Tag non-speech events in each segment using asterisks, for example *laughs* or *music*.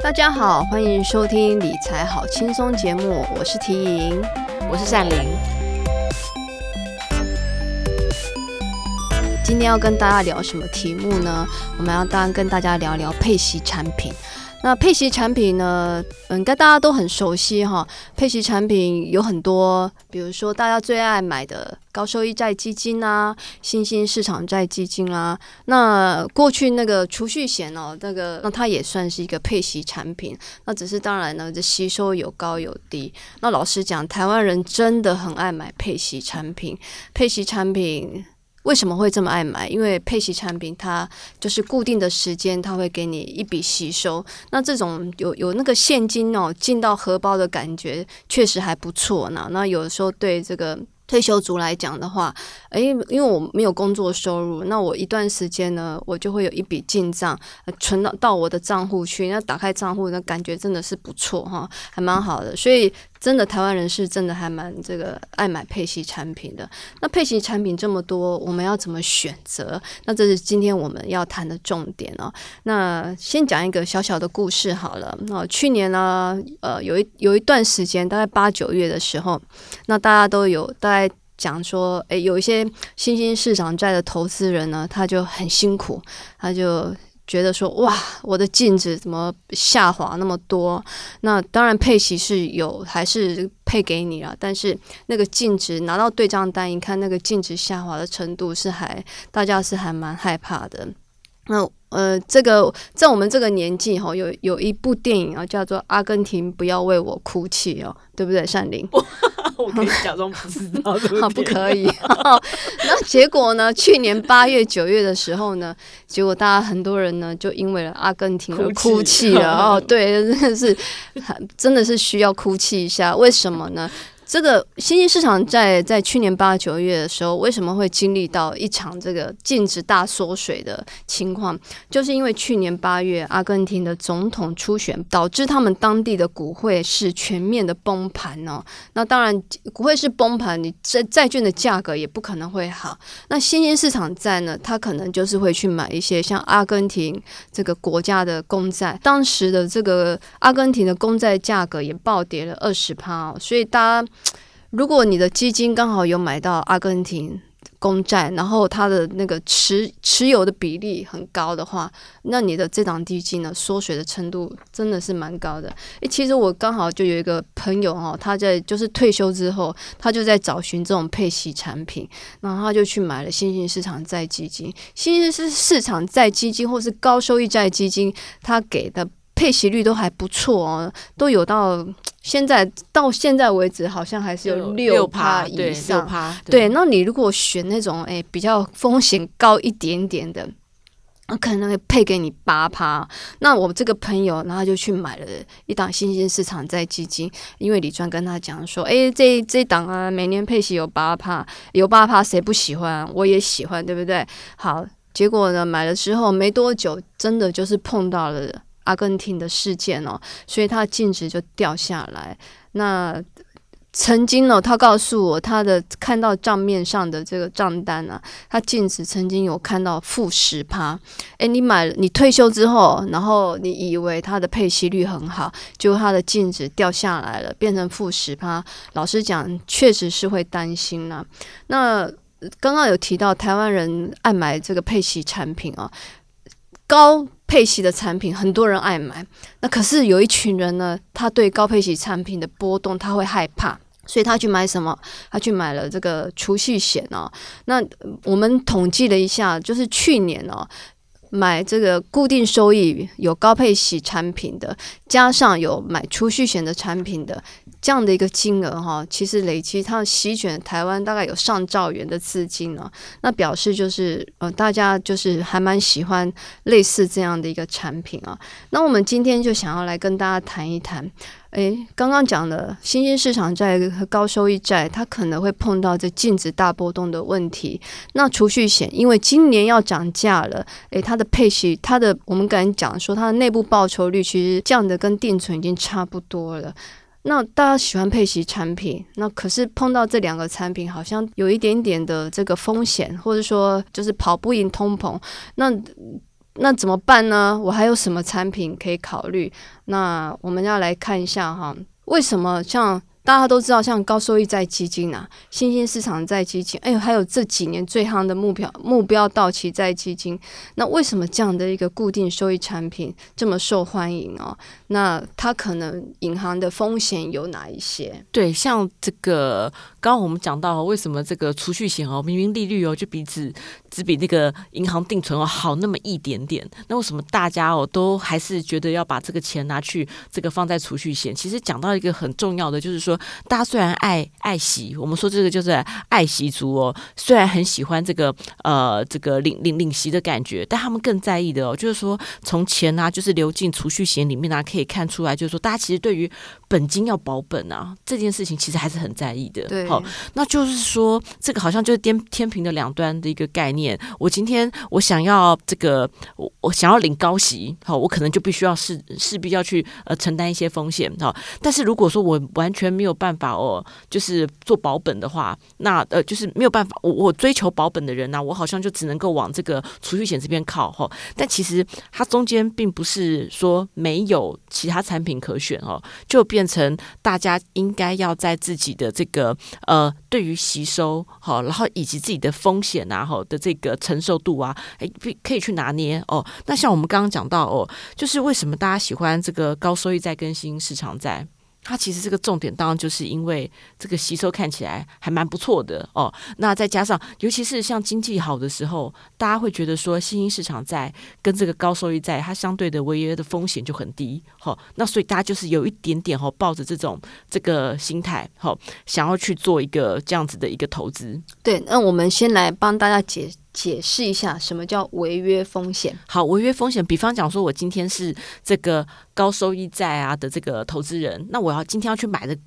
大家好，歡迎收聽《理財好輕鬆》節目，我是緹瑩，我是善玲。今天要跟大家聊什麼題目呢？我們要當跟大家聊聊配息產品。那配息產品呢？嗯，應該大家都很熟悉哈。配息產品有很多，比如說大家最愛買的高收益債基金啊，新興市場債基金啦、啊。那過去那個儲蓄險哦、喔，那個那它也算是一個配息產品。那只是當然呢，這吸收有高有低。那老實講，台灣人真的很愛買配息產品。配息產品。為什麼會這麼愛買？因為配息產品它就是固定的時間，它會給你一筆吸收。那這種有有那個現金哦進到荷包的感覺，確實還不錯呢。那有時候對這個退休族來講的話，誒，因為我沒有工作收入，那我一段時間呢，我就會有一筆進賬，呃，存到到我的賬戶去。那打開賬戶那感覺真的是不錯哈，還蠻好的。所以。真的，台灣人是真的還蠻這個愛買配息產品的。那配息產品這麼多，我們要怎麼選擇？那這是今天我們要談的重點哦。那先講一個小小的故事好了。那去年呢、啊，呃，有一有一段時間，大概八九月的時候，那大家都有大概講說，誒、欸，有一些新興市場債的投資人呢，他就很辛苦，他就。覺得說哇，我的淨值怎麼下滑那麼多？那當然配息是有，還是配給你了？但是那個淨值拿到對賬單一看，那個淨值下滑的程度是還大家是還蠻害怕的。那。呃，這個在我們這個年紀哈、哦，有有一部電影啊，叫做《阿根廷不要為我哭泣》哦，對不對，善林？我可以假裝不知道。好、 *laughs* 哦，不可以 *laughs* 哦。那結果呢？去年八月九月的時候呢，結果大家很多人呢，就因為了阿根廷而哭泣了哭泣哦。哦 *laughs* 對，真的是，真的是需要哭泣一下。為什麼呢？ *laughs* 這個新興市場在在去年八九月的時候，為什麼會經歷到一場這個淨值大縮水的情況？就是因為去年八月阿根廷的總統初選，導致他們當地的股匯是全面的崩盤哦。那當然，股匯是崩盤，你債債券的價格也不可能會好。那新興市場債呢，它可能就是會去買一些像阿根廷這個國家的公債，當時的這個阿根廷的公債價格也暴跌了二十趴，所以大家。如果你的基金剛好有買到阿根廷公債，然後它的那個持持有的比例很高的話，那你的這檔基金呢，縮水的程度真的是蠻高的。誒、欸，其實我剛好就有一個朋友哈、哦，他在就是退休之後，他就在找尋這種配息產品，然後他就去買了新興市場債基金，新興市市場債基金或是高收益債基金，他給的。配息率都還不錯哦，都有，到現在到現在為止，好像還是有六趴以上，對對。對，那你如果選那種哎比較風險高一點點的，那可能會配給你八趴。那我這個朋友，然後就去買了一檔新興市場債基金，因為理專跟他講說，哎，這這檔啊，每年配息有八趴，有八趴誰不喜歡啊？我也喜歡，對不對？好，結果呢，買了之後沒多久，真的就是碰到了。阿根廷的事件哦，所以他的淨值就掉下來。那曾經呢、哦，他告訴我，他的看到賬面上的這個賬單啊，他淨值曾經有看到負十趴。誒，你買你退休之後，然後你以為他的配息率很好，結果他的淨值掉下來了，變成負十趴。老實講，確實是會擔心啦、啊。那剛剛有提到台灣人愛買這個配息產品啊、哦，高。配息的產品很多人愛買，那可是有一群人呢，他對高配息產品的波動他會害怕，所以他去買什麼？他去買了這個儲蓄險哦。那我們統計了一下，就是去年哦、喔，買這個固定收益有高配息產品的，加上有買儲蓄險的產品的這樣的一個金額哈，其實累積它席捲台灣大概有上兆元的資金啊。那表示就是呃，大家就是還蠻喜歡類似這樣的一個產品啊。那我們今天就想要來跟大家談一談，誒、欸，剛剛講的新興市場債和高收益債，它可能會碰到這淨值大波動的問題。那儲蓄險因為今年要漲價了，誒、欸，它的配息，它的我們剛才講說它的內部報酬率，其實這樣的。跟定存已經差不多了，那大家喜歡配息產品，那可是碰到這兩個產品，好像有一點點的這個風險，或者說就是跑不贏通膨，那那怎麼辦呢？我還有什麼產品可以考慮？那我們要來看一下哈，為什麼像大家都知道，像高收益債基金啊，新興市場債基金，哎，還有這幾年最夯的目標目標到期債基金，那為什麼這樣的一個固定收益產品這麼受歡迎哦、啊？那他可能銀行的風險有哪一些？對，像這個剛剛我們講到，為什麼這個儲蓄險哦，明明利率哦就比只只比那個銀行定存哦好那麼一點點，那為什麼大家哦都還是覺得要把這個錢拿去這個放在儲蓄險？其實講到一個很重要的，就是說大家雖然愛愛息，我們說這個就是愛息族哦，雖然很喜歡這個呃這個領領領息的感覺，但他們更在意的哦就是說從錢啊就是流進儲蓄險裡面啊可以。可以看出來，就是說，大家其實對於本金要保本啊這件事情，其實還是很在意的。對，好、哦，那就是說，這個好像就是天天平的兩端的一個概念。我今天我想要這個，我我想要領高息，好、哦，我可能就必須要勢勢必要去呃承擔一些風險哈、哦。但是如果說我完全沒有辦法哦，就是做保本的話，那呃就是沒有辦法。我我追求保本的人呢、啊，我好像就只能夠往這個儲蓄險這邊靠哈、哦。但其實它中間並不是說沒有。其他產品可選哦，就變成大家應該要在自己的這個呃，對於息收好，然後以及自己的風險吶、啊、吼的這個承受度啊，哎，可以去拿捏哦。那像我們剛剛講到哦，就是為什麼大家喜歡這個高收益債跟新興市場債？它、啊、其實這個重點，當然就是因為這個吸收看起來還蠻不錯的哦。那再加上，尤其是像經濟好的時候，大家會覺得說新興市場債跟這個高收益債它相對的違約的風險就很低。好、哦，那所以大家就是有一點點吼抱着這種這個心態，好、哦，想要去做一個這樣子的一個投資。對，那我們先來幫大家解。解釋一下什麼叫違約風險？好，違約風險，比方講說我今天是這個高收益債啊的這個投資人，那我要今天要去買的。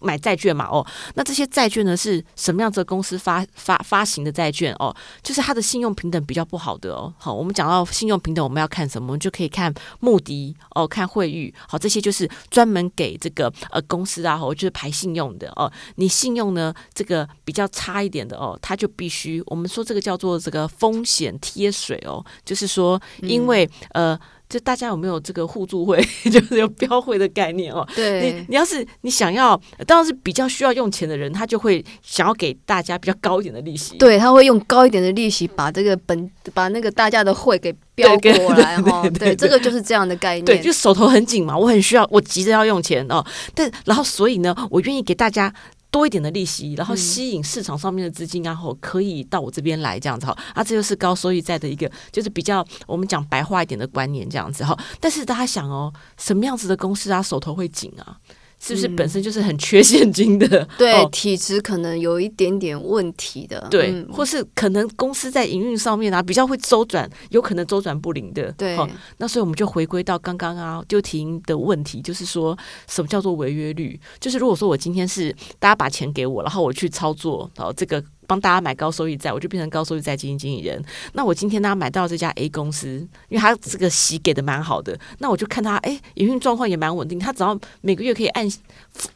買債券嘛，哦，那這些債券呢，是什麼樣子的公司發發發行的債券哦，就是它的信用評等比較不好的哦。好，我們講到信用評等，我們要看什麼？我們就可以看穆迪哦，看惠譽，好，這些就是專門給這個呃公司啊，就是排信用的哦。你信用呢，這個比較差一點的哦，它就必須我們說這個叫做這個風險貼水哦，就是說因為、嗯、呃。就大家有沒有這個互助會， *laughs* 就是有標會的概念哦？對，你你要是你想要，當然是比較需要用錢的人，他就會想要給大家比較高一點的利息。對，他會用高一點的利息把這個本，把那個大家的會給標過來哈，哦。對，對，對，對，對，這個就是這樣的概念。對，就手頭很緊嘛，我很需要，我急着要用錢哦。但然後所以呢，我願意給大家。多一點的利息，然後吸引市場上面的資金啊，嗯，然後可以到我這邊來這樣子哈，啊，這就是高收益債的一個，就是比較我們講白話一點的觀念這樣子哈。但是大家想哦，什麼樣子的公司啊，手頭會緊啊？是不是本身就是很缺現金的？嗯、對、哦，體質可能有一點點問題的。對，嗯、或是可能公司在營運上面啊比較會周轉，有可能周轉不靈的。對，哦、那所以我們就回歸到剛剛啊就提的問題，就是說什麼叫做違約率？就是如果說我今天是大家把錢給我，然後我去操作，然後這個。幫大家買高收益債，我就變成高收益債基金經理人。那我今天呢，買到這家 A 公司，因為他這個息給的蠻好的，那我就看他，哎、欸，營運狀況也蠻穩定，他只要每個月可以按，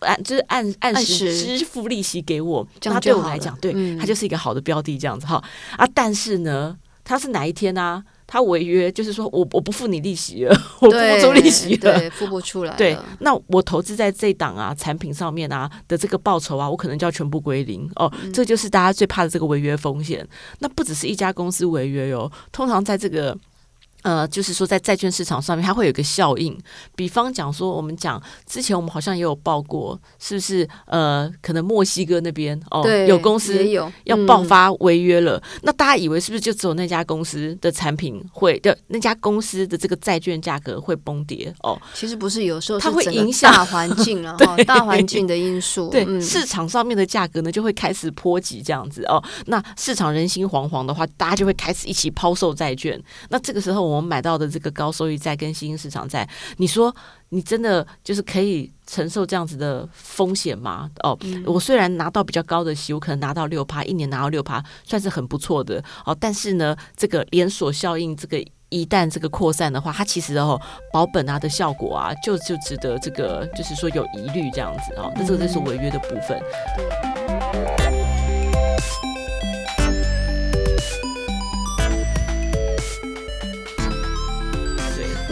按就是按按時支付利息給我，這樣那對我來講，對他、嗯、就是一個好的標的，這樣子哈。啊，但是呢，他是哪一天呢、啊？他違約就是說我我不付你利息了，對，我付不出利息了，付不出來。對，那我投資在這檔啊產品上面啊的這個報酬啊，我可能就要全部歸零哦、嗯。這就是大家最怕的這個違約風險。那不只是一家公司違約喲、哦，通常在這個。呃，就是說，在債券市場上面，它會有個效應。比方講說，我們講之前，我們好像也有報過，是不是？呃，可能墨西哥那邊哦對，有公司有要爆發違約了、嗯，那大家以為是不是就只有那家公司的產品會，對，那家公司的這個債券價格會崩跌？哦，其實不是，有時候它會影響大環境啊，大環境的因素，對、嗯、市場上面的價格呢，就會開始波及這樣子哦。那市場人心惶惶的話，大家就會開始一起拋售債券。那這個時候。我們買到的這個高收益債跟新興市場債，你說你真的就是可以承受這樣子的風險嗎？哦，嗯、我雖然拿到比較高的息，我可能拿到六趴，一年拿到六趴，算是很不錯的哦。但是呢，這個連鎖效應，這個一旦這個擴散的話，它其實哦保本啊的效果啊，就就值得這個就是說有疑慮這樣子哦。那這個就是違約的部分。嗯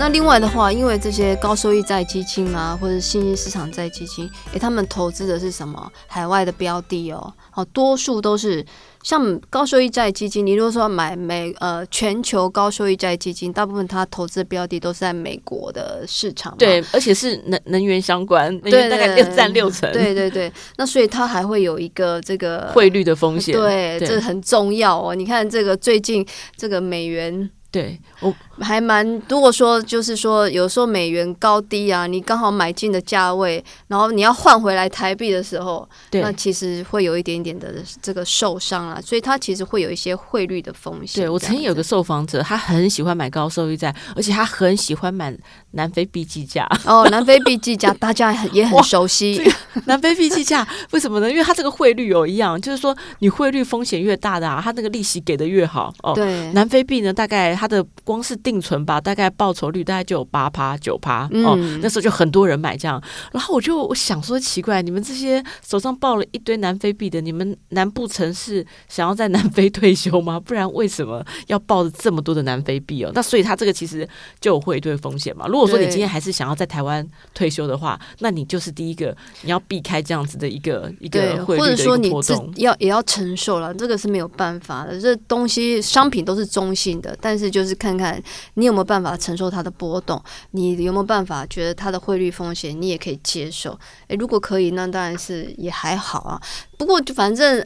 那另外的話，因為這些高收益債基金啊，或者新興市場債基金，給、欸、他們投資的是什麼海外的標的哦、喔？好多數都是像高收益債基金，你如果說買美呃全球高收益債基金，大部分它投資標的都是在美國的市場，對，而且是能能源相關，對，對，對，大概要占六成，對對對。那所以它還會有一個這個匯率的風險，對，這很重要哦、喔。你看這個最近這個美元。對，我還蠻。如果說就是說，有時候美元高低啊，你剛好買進的價位，然後你要換回來台幣的時候，那其實會有一點點的這個受傷啊。所以它其實會有一些匯率的風險。對，我曾經有個受訪者，他很喜歡買高收益債，而且他很喜歡買。南非幣計價哦，南非幣計價 *laughs* 大家很也很熟悉。這個、南非幣計價為什麼呢？因為它這個匯率有一樣，就是說你匯率風險越大的，啊，它那個利息給的越好哦。對。南非幣呢，大概它的光是定存吧，大概報酬率大概就有八趴九趴哦，嗯。那時候就很多人買這樣。然後我就我想說奇怪，你們這些手上抱了一堆南非幣的，你們難不成是想要在南非退休嗎？不然為什麼要抱着這麼多的南非幣哦？那所以它這個其實就有匯兌風險嘛。如果說你今天還是想要在台灣退休的話，那你就是第一個你要避開這樣子的一個一個匯率的一個波動，或者說你這要也要承受了。這個是沒有辦法的，這東西商品都是中性的，但是就是看看你有沒有辦法承受它的波動，你有沒有辦法覺得它的匯率風險你也可以接受？哎，如果可以，那當然是也還好啊。不過就反正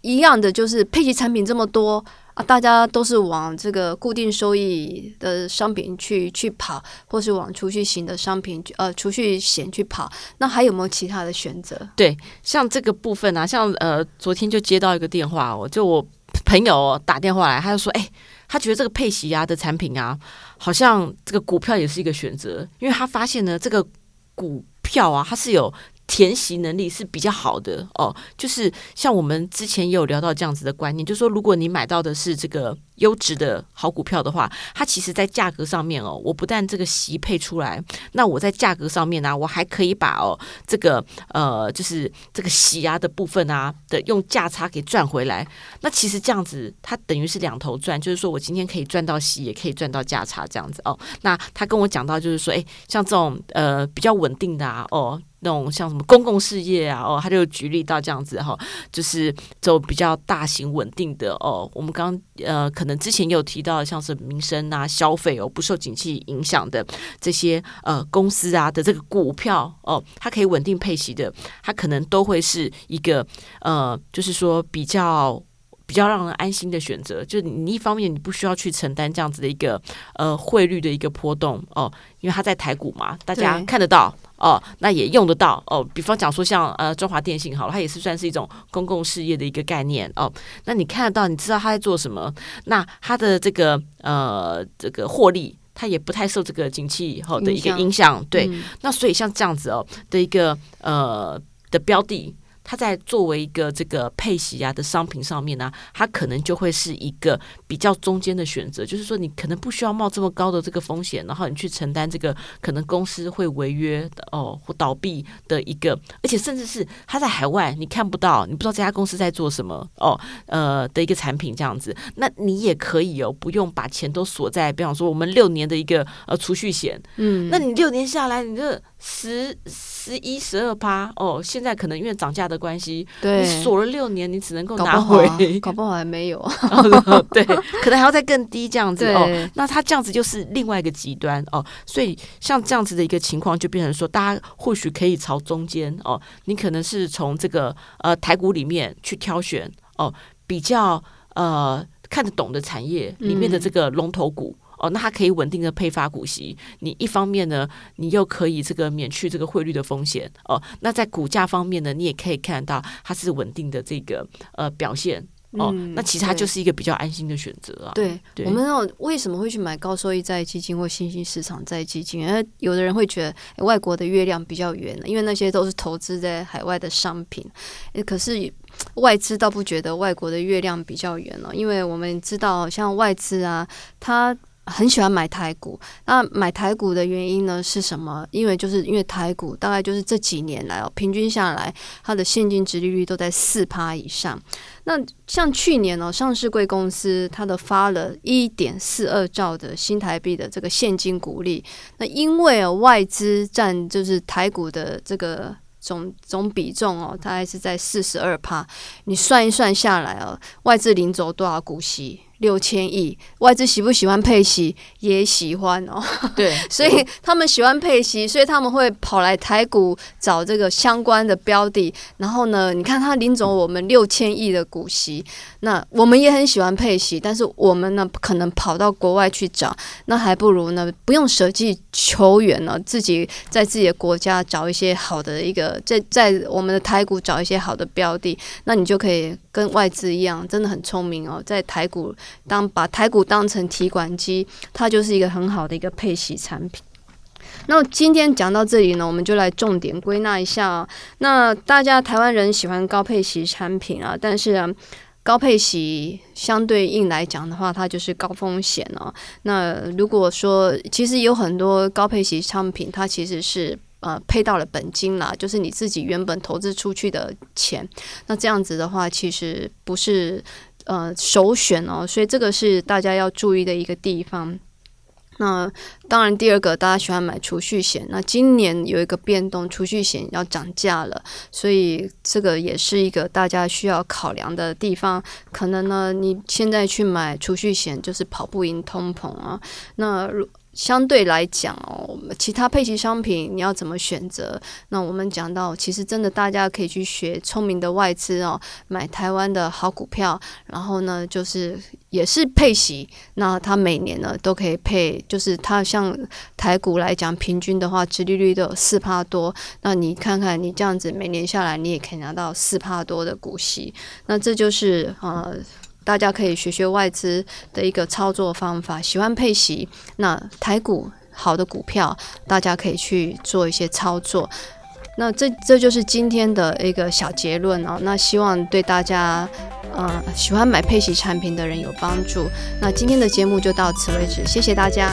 一樣的，就是配息產品這麼多。啊，大家都是往這個固定收益的商品去去跑，或是往儲蓄型的商品，呃，儲蓄險去跑，那還有沒有其他的選擇？對，像這個部分啊，像呃，昨天就接到一個電話哦，我就我朋友打電話來，他就說，哎、欸，他覺得這個配息啊的產品啊，好像這個股票也是一個選擇，因為他發現呢，這個股票啊，它是有。填息能力是比較好的哦，就是像我們之前也有聊到這樣子的觀念，就是說如果你買到的是這個優質的好股票的話，它其實，在價格上面哦，我不但這個息配出來，那我在價格上面呢、啊，我還可以把哦這個呃，就是這個息啊的部分啊的用價差給賺回來。那其實這樣子，它等於是兩頭賺，就是說我今天可以賺到息，也可以賺到價差這樣子哦。那他跟我講到，就是說，誒、欸，像這種呃比較穩定的啊，哦。那種像什麼公共事業啊，哦，他就舉例到這樣子哈，哦，就是走比較大型穩定的哦，我們剛呃可能之前有提到的，像是民生啊、消費哦，不受景氣影響的這些呃公司啊的這個股票哦，它可以穩定配息的，它可能都會是一個呃，就是說比較。比較讓人安心的選擇，就是你一方面你不需要去承擔這樣子的一個呃匯率的一個波動哦，因為它在台股嘛，大家看得到哦，那也用得到哦。比方講說像呃中華電信，好了，它也是算是一種公共事業的一個概念哦。那你看得到，你知道它在做什麼，那它的這個呃這個獲利，它也不太受這個景氣以後、哦、的一個影響。對、嗯，那所以像這樣子哦的一個呃的標的。它在作為一個這個配息啊的商品上面呢、啊，它可能就會是一個比較中間的選擇。就是說，你可能不需要冒這麼高的這個風險，然後你去承擔這個可能公司會違約的哦或倒閉的一個，而且甚至是它在海外你看不到，你不知道這家公司在做什麼哦，呃的一個產品這樣子，那你也可以哦，不用把錢都鎖在，比方說我們六年的一個呃儲蓄險，嗯，那你六年下來你就。十十一十二趴哦，現在可能因為漲價的關係，對，你鎖了六年，你只能夠拿回搞、啊， *laughs* 搞不好還沒有、 *laughs* 哦，對，可能還要再更低這樣子哦。那它這樣子就是另外一個極端哦，所以像這樣子的一個情況，就變成說，大家或許可以朝中間哦，你可能是從這個呃台股裡面去挑選哦，比較呃看得懂的產業、嗯、裡面的這個龍頭股。哦，那它可以穩定的配發股息，你一方面呢，你又可以這個免去這個匯率的風險哦。那在股價方面呢，你也可以看到它是穩定的這個呃表現哦、嗯。那其實它就是一個比較安心的選擇啊。對，對我們那種為什麼會去買高收益債基金或新興市場債基金？而有的人會覺得外國的月亮比較圓，因為那些都是投資在海外的商品。可是外資倒不覺得外國的月亮比較圓了，因為我們知道像外資啊，它很喜歡買台股，那買台股的原因呢是什麼？因為就是因為台股大概就是這幾年來哦，平均下來它的現金殖利率都在四趴以上。那像去年哦，上市貴公司它的發了一點四二兆的新台幣的這個現金股利，那因為啊、哦、外資占就是台股的這個總總比重哦，大概是在四十二趴，你算一算下來哦，外資領走多少股息？六千億。外資喜不喜歡配息？也喜歡哦，對，對 *laughs* 所以他們喜歡配息，所以他們會跑來台股找這個相關的標的。然後呢，你看他領走我們六千億的股息，那我們也很喜歡配息，但是我們呢，可能跑到國外去找，那還不如呢，不用捨近求遠呢，自己在自己的國家找一些好的一個，在在我們的台股找一些好的標的，那你就可以。跟外資一樣，真的很聰明哦，在台股當把台股當成提款機，它就是一個很好的一個配息產品。那今天講到這裡呢，我們就來重點歸納一下哦。那大家台灣人喜歡高配息產品啊，但是啊，高配息相對應來講的話，它就是高風險哦。那如果說其實有很多高配息產品，它其實是。呃，配到了本金啦，就是你自己原本投資出去的錢。那這樣子的話，其實不是呃首選哦，所以這個是大家要注意的一個地方。那當然，第二個大家喜歡買儲蓄險。那今年有一個變動，儲蓄險要漲價了，所以這個也是一個大家需要考量的地方。可能呢，你現在去買儲蓄險，就是跑不贏通膨啊。那如相對來講哦，其他配息商品你要怎麼選擇？那我們講到，其實真的大家可以去學聰明的外資哦，買台灣的好股票，然後呢，就是也是配息。那它每年呢都可以配，就是它像台股來講，平均的話，殖利率都有四趴多。那你看看，你這樣子每年下來，你也可以拿到四趴多的股息。那這就是呃。大家可以學學外資的一個操作方法，喜歡配息，那台股好的股票，大家可以去做一些操作。那這這就是今天的一個小結論哦。那希望對大家，呃、嗯，喜歡買配息產品的人有幫助。那今天的節目就到此為止，謝謝大家。